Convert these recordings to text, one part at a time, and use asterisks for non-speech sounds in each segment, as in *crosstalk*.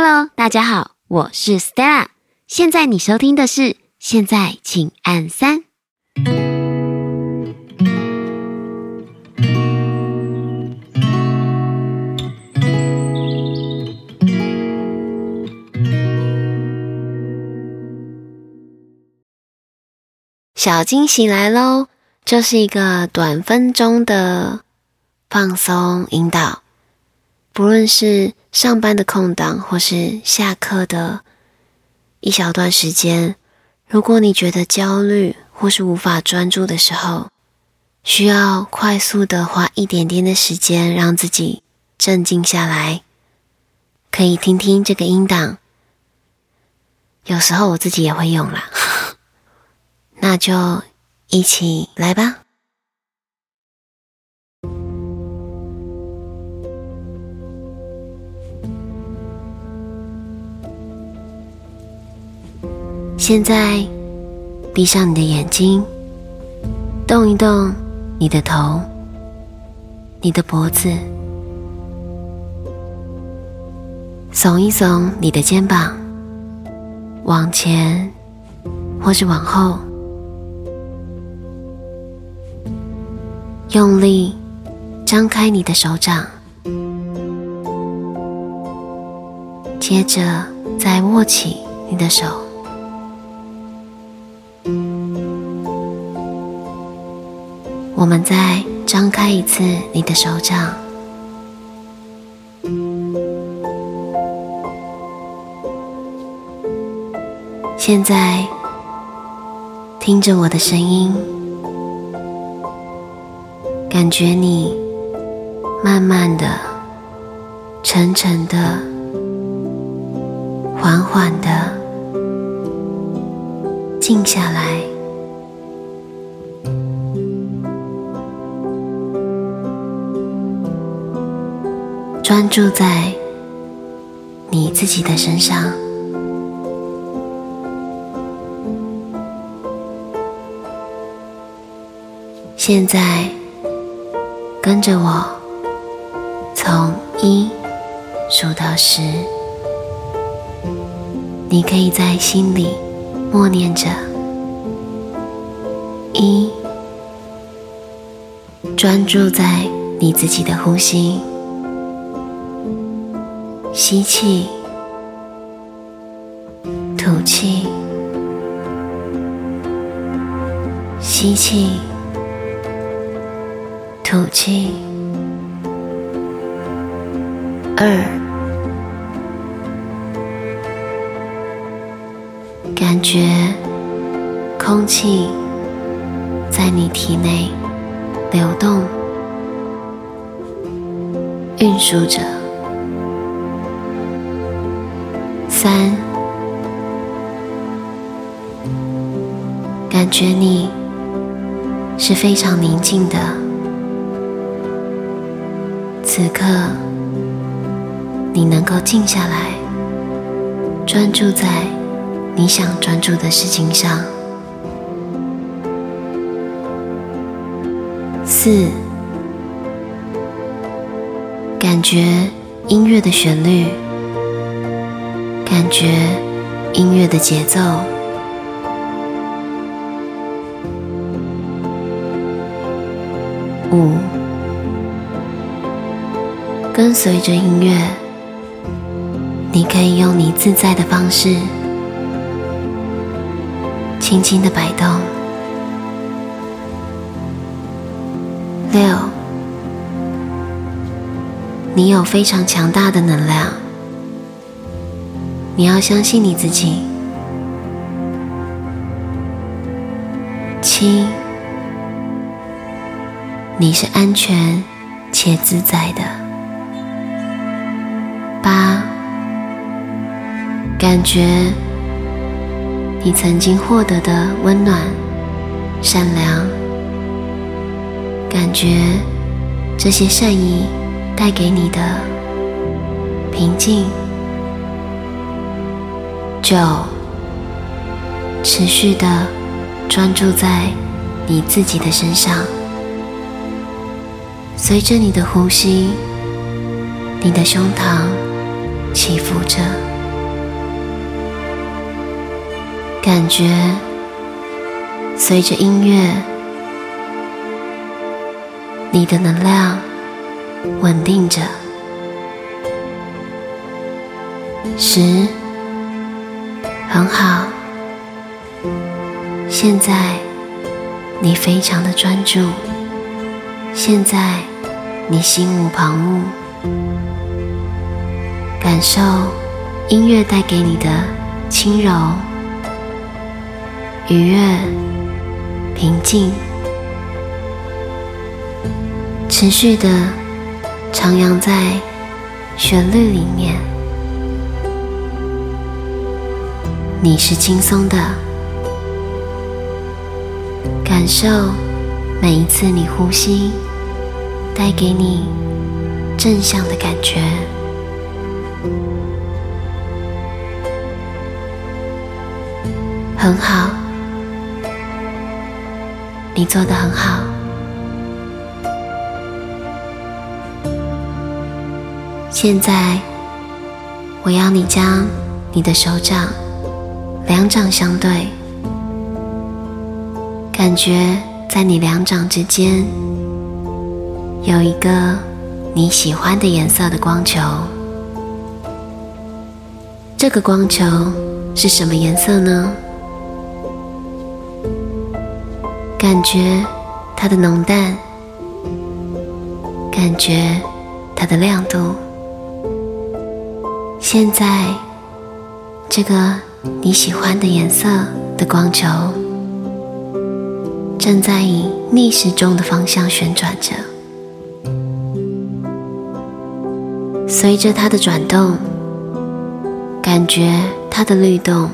Hello，大家好，我是 Stella。現在你收聽的是，現在請按三。小驚喜來嘍！這是一個短分鐘的放鬆引導，不論是。上班的空檔，或是下課的一小段時間，如果你覺得焦慮或是無法專注的時候，需要快速的花一點點的時間讓自己鎮靜下來，可以聽聽這個音檔。有時候我自己也會用啦， *laughs* 那就一起來吧。現在，閉上你的眼睛，動一動你的頭，你的脖子，聳一聳你的肩膀，往前或是往後，用力張開你的手掌，接着再握起你的手。我們再張開一次你的手掌。現在聽着我的聲音，感覺你慢慢的、沉沉的、緩緩的靜下來。專注在你自己的身上。現在跟着我，從一數到十。你可以在心裡默念着一，專注在你自己的呼吸。吸氣，吐氣，吸氣，吐氣。二，感覺空氣在你體內流動，運輸着。三，感覺你是非常寧靜的。此刻，你能夠靜下來，專注在你想專注的事情上。四，感覺音樂的旋律。感覺音樂的節奏。五，跟隨着音樂，你可以用你自在的方式，輕輕的擺動。六，你有非常強大的能量。你要相信你自己。七，你是安全且自在的。八，感覺你曾經獲得的溫暖、善良，感覺這些善意帶給你的平靜。九，持續的專注在你自己的身上，隨着你的呼吸，你的胸膛起伏着，感覺隨着音樂，你的能量穩定着。十。很好，現在你非常的專注，現在你心無旁騖，感受音樂帶給你的輕柔、愉悅、平靜，持續的徜徉在旋律裡面。你是輕鬆的，感受每一次你呼吸帶給你正向的感覺，很好，你做得很好。現在，我要你將你的手掌。兩掌相對，感覺在你兩掌之間有一個你喜歡的顏色的光球。這個光球是什麼顏色呢？感覺它的濃淡，感覺它的亮度。現在這個。你喜歡的顏色的光球正在以逆時鐘的方向旋轉着，隨着它的轉動，感覺它的律動，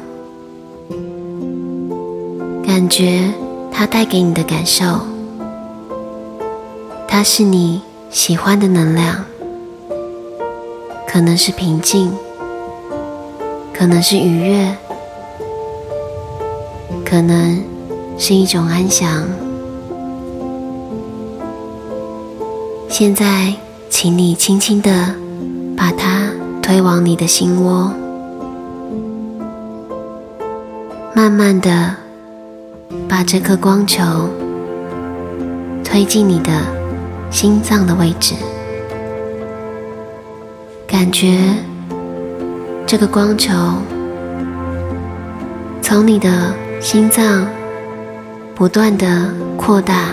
感覺它帶給你的感受，它是你喜歡的能量，可能是平靜。可能是愉悅，可能是一種安詳。現在，請你輕輕的把它推往你的心窩，慢慢的把這顆光球推進你的心臟的位置。感覺。這個光球從你的心臟不斷地擴大、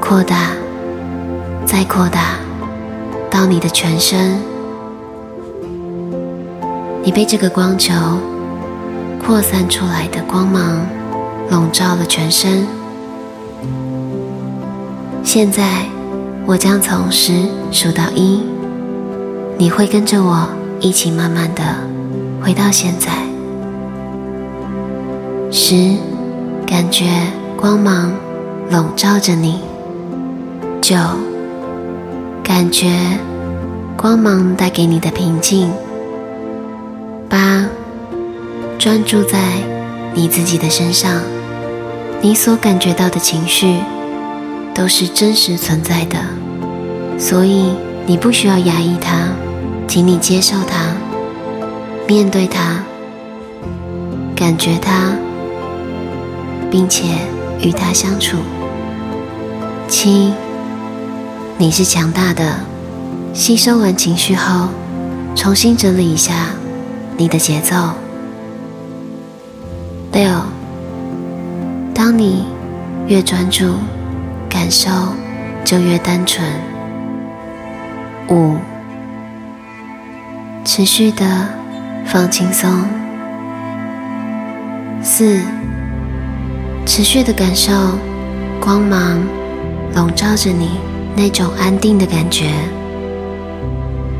擴大、再擴大，到你的全身。你被這個光球擴散出來的光芒籠罩了全身。現在我將從十數到一，你會跟着我。一起慢慢的回到現在。十，感覺光芒籠罩着你。九，感覺光芒帶給你的平靜。八，專注在你自己的身上，你所感覺到的情緒都是真實存在的，所以你不需要壓抑它。請你接受它，面對它，感覺它，並且與它相處。七，你是強大的。吸收完情緒後，重新整理一下你的節奏。六，當你越專注，感受就越單純。五。持續的放輕鬆。四，持續的感受光芒籠罩着你那種安定的感覺。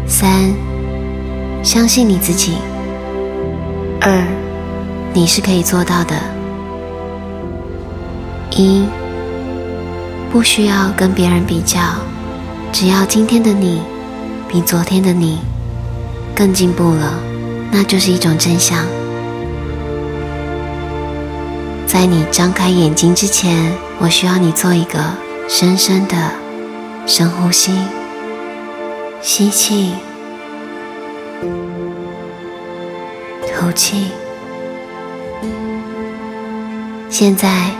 三，相信你自己。二，你是可以做到的。一，不需要跟別人比較，只要今天的你比昨天的你。更進步了，那就是一種真相。在你張開眼睛之前，我需要你做一個深深的深呼吸，吸氣，吐氣。現在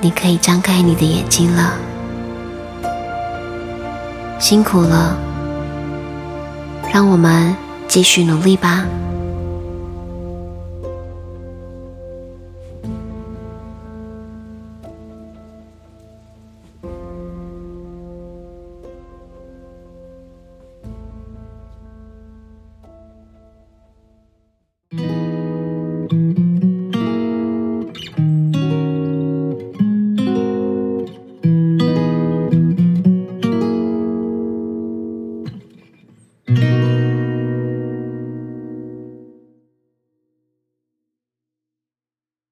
你可以張開你的眼睛了，辛苦了，讓我們。繼續努力吧。 *music*